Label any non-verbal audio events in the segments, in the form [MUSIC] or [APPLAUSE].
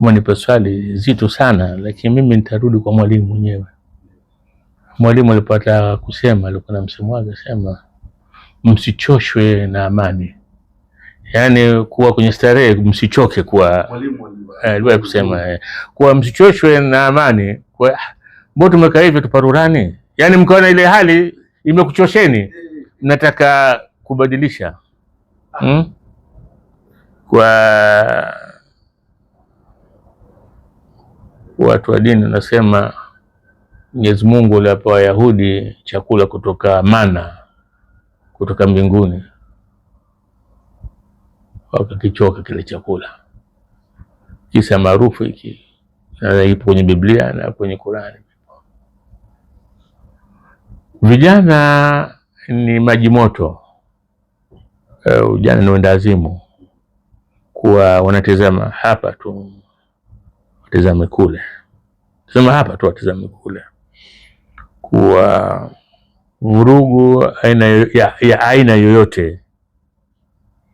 Umenipa swali zito sana, lakini mimi nitarudi kwa mwalimu mwenyewe. Mwalimu alipata kusema, alikuwa na msemo wake, sema msichoshwe na amani, yaani kuwa kwenye starehe msichoke, kuwa aliwahi eh, kusema eh, kuwa msichoshwe na amani, kwa mbona tumekaa hivyo tuparurani, yaani mkaona ile hali imekuchosheni mnataka kubadilisha hmm? kwa watu wa dini wanasema Mwenyezi Mungu aliwapa Wayahudi chakula kutoka mana kutoka mbinguni, wakakichoka kile chakula. Kisa maarufu hiki ipo kwenye Biblia na kwenye Qurani. Vijana ni maji moto, eh, vijana ni wendawazimu, kuwa wanatizama hapa tu tizame kule, tizama hapa tu, atizame kule, kuwa vurugu aina ya, ya aina yoyote,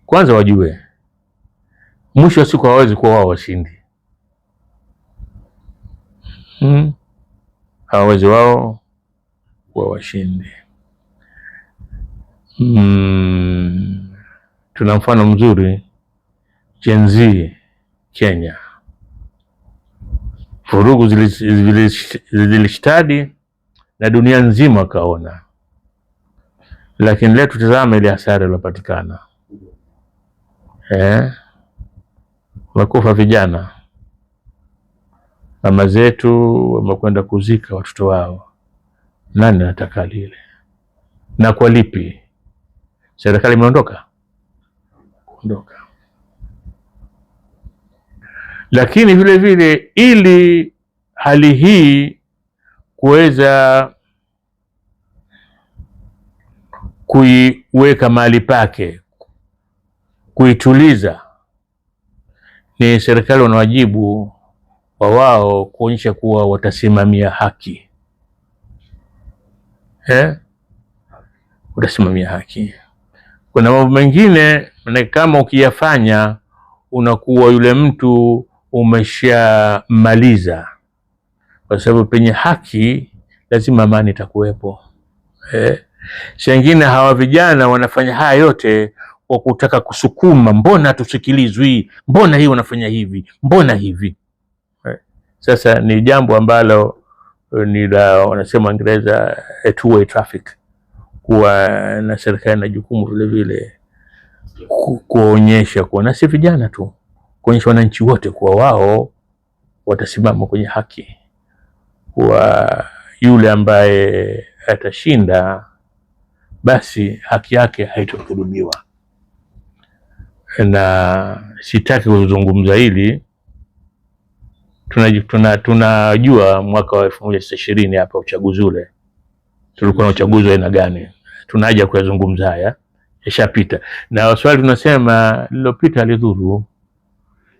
kwanza wajue mwisho wa siku hawawezi kuwa wao washindi hmm. hawawezi wao kuwa washindi hmm. Tuna mfano mzuri Gen Z Kenya Vurugu zilishtadi na dunia nzima kaona, lakini leo tutazame ile hasara iliyopatikana. Eh, wakufa vijana, mama zetu wamekwenda kuzika watoto wao. Nani anataka lile na kwa lipi? Serikali imeondoka ondoka lakini vile vile ili hali hii kuweza kuiweka mahali pake, kuituliza, ni serikali wana wajibu wa wao kuonyesha kuwa watasimamia haki eh? Watasimamia haki. Kuna mambo mengine, maanake kama ukiyafanya unakuwa yule mtu umeshamaliza, kwa sababu penye haki lazima amani itakuwepo eh. Sengine hawa vijana wanafanya haya yote kwa kutaka kusukuma, mbona tusikilizwi mbona hii wanafanya hivi, mbona hivi eh. Sasa ni jambo ambalo eh, ni la wanasema Waingereza two way traffic, kuwa na serikali na jukumu vilevile kuonyesha kuwa na si vijana tu kuonyesha wananchi wote kuwa wao watasimama kwenye haki, kuwa yule ambaye atashinda basi haki yake haitodhulumiwa. Na sitaki kuzungumza hili, tunajua tuna, tuna mwaka wa elfu moja tisa ishirini hapa uchaguzi ule tulikuwa na uchaguzi wa aina gani? Tunaja kuyazungumza haya, yashapita, na waswali tunasema lilopita alidhuru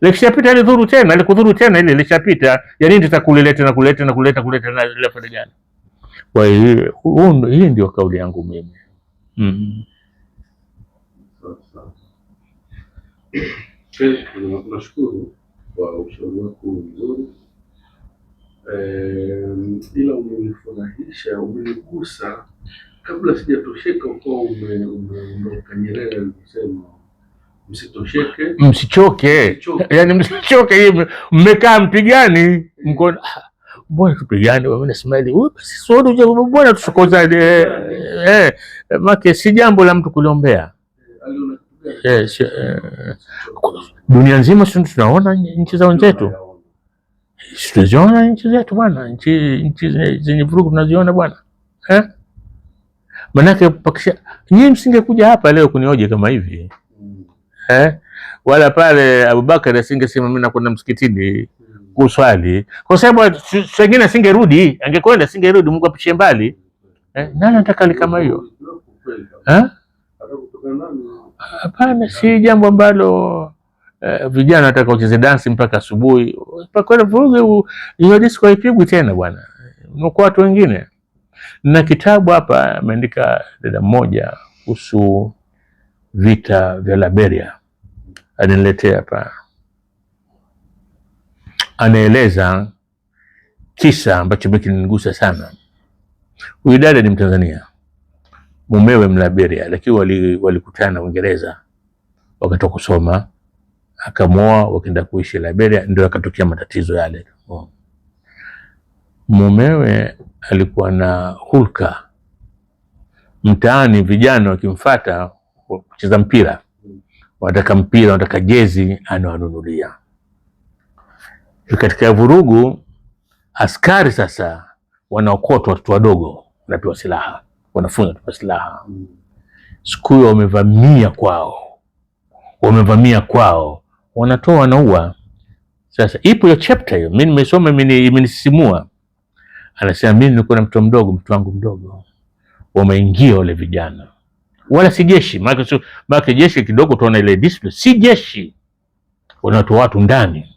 Likishapita ile dhuru tena, likudhuru tena ile lishapita. Ya nini tutakuleta na kuleta na kuleta kuleta na ile faida gani? Kwa hiyo hii ndio kauli yangu mimi. Mm. Nashukuru kwa ushauri wako mzuri, ila umenifurahisha, umenigusa kabla sijatosheka, ukawa umeondoka Nyerere alikusema msichoke, msichoke. Yani msichoke, hivi. mmekaa mpigani, mko mbona tupigane? Wewe Ismail, mbona tusokozane? Eh, eh, eh, make si jambo la mtu kuliombea. Yes, eh, dunia nzima si tunaona nchi za wenzetu, tunaziona nchi zetu bwana, nchi zenye vurugu tunaziona bwana eh? Manake pakisha nyinyi msingekuja hapa leo kunioje kama hivi eh? Wala pale abubakari asingesema mimi nakwenda msikitini kuswali, kwa sababu sengine asingerudi, angekwenda asingerudi, Mungu apishie mbali eh? Nani anataka hali kama hiyo eh? Hapana, si jambo ambalo eh, vijana wanataka wacheze dansi mpaka asubuhi. Kwa kweli hiyo haipigwi tena bwana, mko watu wengine. Na kitabu hapa ameandika dada mmoja kuhusu vita vya Liberia, ananiletea hapa, anaeleza kisa ambacho mi kinigusa sana. Huyu dada ni Mtanzania, mumewe Mliberia, lakini walikutana wali Uingereza, wakatoka kusoma, akamoa, wakaenda kuishi Liberia, ndio akatokea matatizo yale. Mumewe alikuwa na hulka mtaani, vijana wakimfata kucheza mpira, wanataka mpira, wanataka jezi, anawanunulia. Katika vurugu, askari sasa wanaokotwa watoto wadogo, wanapewa silaha, wanafunza wanapewa silaha. Siku hiyo wamevamia kwao, wamevamia kwao, wanatoa wanaua. Sasa ipo hiyo chapter hiyo, mi nimesoma, imenisisimua Anasema mi nilikuwa na mtoto mdogo, mtoto wangu mdogo, wameingia wale vijana wala si jeshi, maana jeshi kidogo tuona ile discipline, si jeshi. Wanatoa watu ndani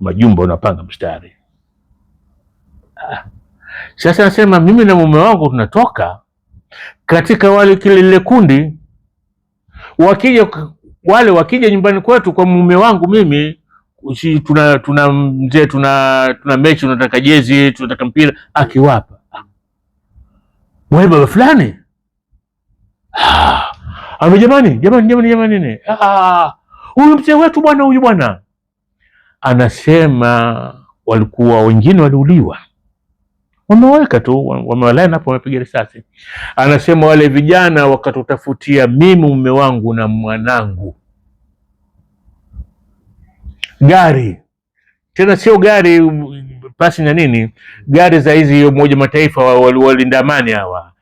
majumba, wanapanga mstari. Ah. Sasa nasema mimi na mume wangu tunatoka katika wale kile lile kundi, wakija wale wakija nyumbani kwetu kwa mume wangu mimi si tuna tuna mzee tuna tuna mechi, tunataka jezi, tunataka mpira, akiwapa ah. wewe baba fulani [SIGHS] Ame jamani, jamani, jamani, jamani nini? Ah, huyu mzee wetu bwana, huyu bwana anasema walikuwa wengine waliuliwa, wamewaweka tu, wamewalai hapo, wamepiga risasi. Anasema wale vijana wakatutafutia mimi, mume wangu na mwanangu gari, tena sio gari pasi na nini, gari za hizi Umoja Mataifa walinda wali hawa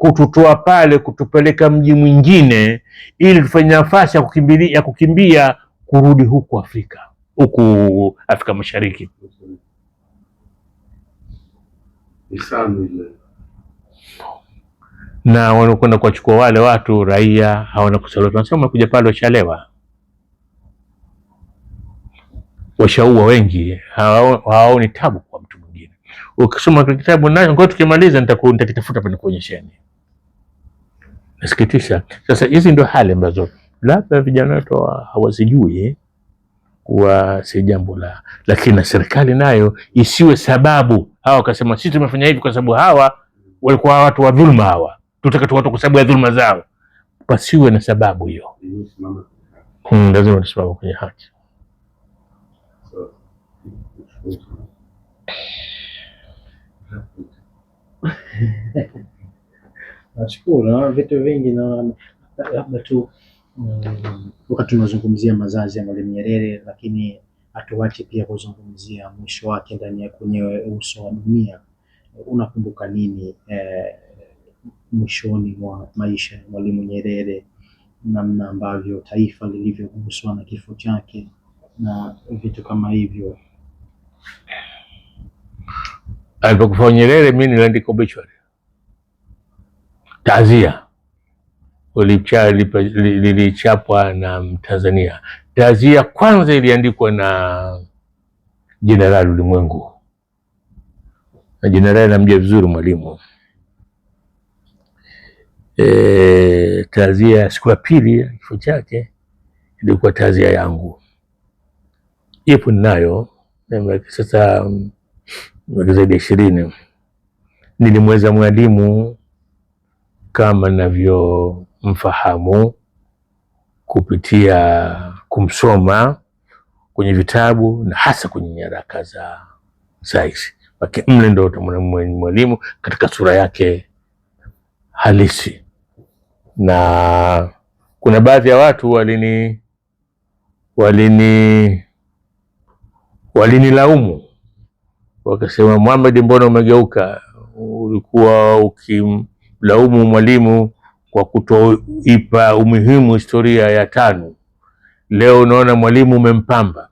kututoa pale kutupeleka mji mwingine, ili tufanye nafasi ya kukimbia, ya kukimbia kurudi huku Afrika huku Afrika Mashariki. Na wanakwenda kuwachukua wale watu raia, hawana kusaliwa. Tunasema wamekuja pale washalewa, washaua wengi, hawaoni tabu kwa mtu ukisoma kitabu nacho, ngoja tukimaliza nitakitafuta hapa nikuonyesheni. Nasikitisha. Sasa hizi ndio hali ambazo labda vijana wetu hawazijui eh, kuwa si jambo la, lakini na serikali nayo isiwe sababu hawa wakasema sisi tumefanya hivi kwa sababu hawa walikuwa watu wa dhulma, hawa tutaka watu kwa sababu ya dhulma zao. Pasiwe na sababu hiyo, hmm, lazima tusimame tusimama kwenye haki. [LAUGHS] Nashukuru vitu vingi na labda tu mm, wakati tunazungumzia mazazi ya Mwalimu Nyerere, lakini hatuwache pia kuzungumzia mwisho wake ndani ya kwenyewe uso wa dunia. Unakumbuka nini eh, mwishoni mwa maisha ya Mwalimu Nyerere, namna ambavyo taifa lilivyoguswa na kifo chake na vitu kama hivyo? alipokufa Nyerere, mi niliandika obituary taazia lilichapwa na Mtanzania. Tazia kwanza iliandikwa na Jenerali Ulimwengu, na jenerali namjia vizuri Mwalimu. E, tazia siku ya pili ya kifo chake ilikuwa taazia yangu, ipo ninayo sasa zaidi ya ishirini nilimweza mwalimu kama navyomfahamu kupitia kumsoma kwenye vitabu na hasa kwenye nyaraka za sayansi. Maana mle ndo utamwona mwalimu katika sura yake halisi, na kuna baadhi ya watu walini walini walinilaumu wakasema, Muhammad, mbona umegeuka? Ulikuwa ukimlaumu mwalimu kwa kutoipa umuhimu historia ya tano, leo unaona mwalimu umempamba.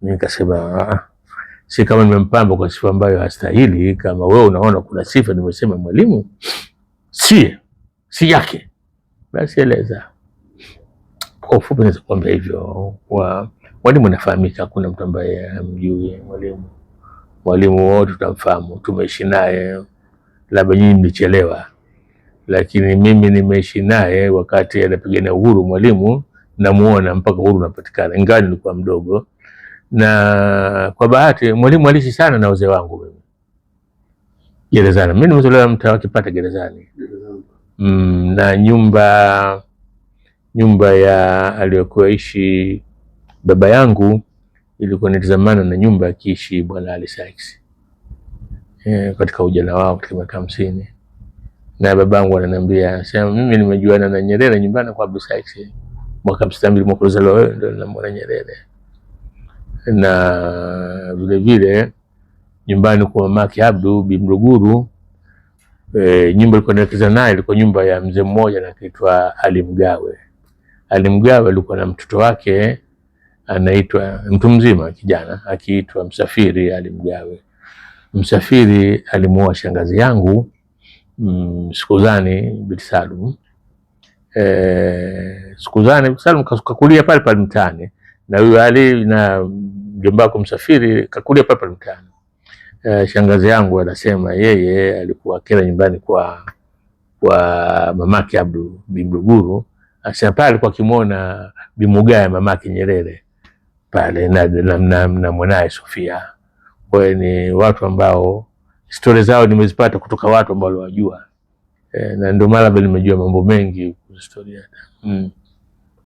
Nikasema ah, si kama nimempamba kwa sifa ambayo hastahili. Kama wewe unaona kuna sifa nimesema mwalimu si si yake, basi eleza kwa ufupi. Naweza kuambia hivyo, kwa mwalimu anafahamika, hakuna mtu ambaye amjui mwalimu mwalimu wote tunamfahamu, tumeishi naye, labda nyinyi mlichelewa, lakini mimi nimeishi naye wakati anapigania uhuru. Mwalimu namuona mpaka uhuru unapatikana, ingawa nilikuwa mdogo. Na kwa bahati mwalimu aliishi sana na wazee wangu mimi gerezani. Mimi nimezaliwa mtaa wa Kipata gerezani, mm, na nyumba nyumba ya aliyokuwa ishi baba yangu ilikuwa ni zamana na nyumba akiishi Bwana Ali Sykes e, eh, katika ujana wao katika miaka hamsini na babangu ananiambia sema, mimi nimejuana na Nyerere nyumbani kwa Abdul Sykes mwaka hamsini na mbili mwaka uzaliwa wewe, ndio namwona Nyerere na vilevile nyumbani kwa mamake Abdu Bimruguru e, eh, nyumba ilikuwa naekeza naye ilikuwa nyumba ya mzee mmoja na kaitwa Ali Mgawe. Ali Mgawe alikuwa na mtoto wake anaitwa mtu mzima kijana akiitwa Msafiri Ali Mgawe. Msafiri alimuoa shangazi yangu mm, Sikuzani Bilsalum. E, Sikuzani Bilsalum kakulia pale pale mtaani na huyo Ali na mjomba wako Msafiri kakulia pale pale mtaani. E, shangazi yangu anasema yeye alikuwa kila nyumbani kwa kwa mamake Abdu Bimruguru, asema pale alikuwa akimwona Bimugaya mamake Nyerere pale na, na, na, na mwanaye Sofia. Kwa hiyo ni watu ambao stori zao nimezipata kutoka watu ambao waliwajua, e, na ndio mara nimejua mambo mengi kuhusu historia mm.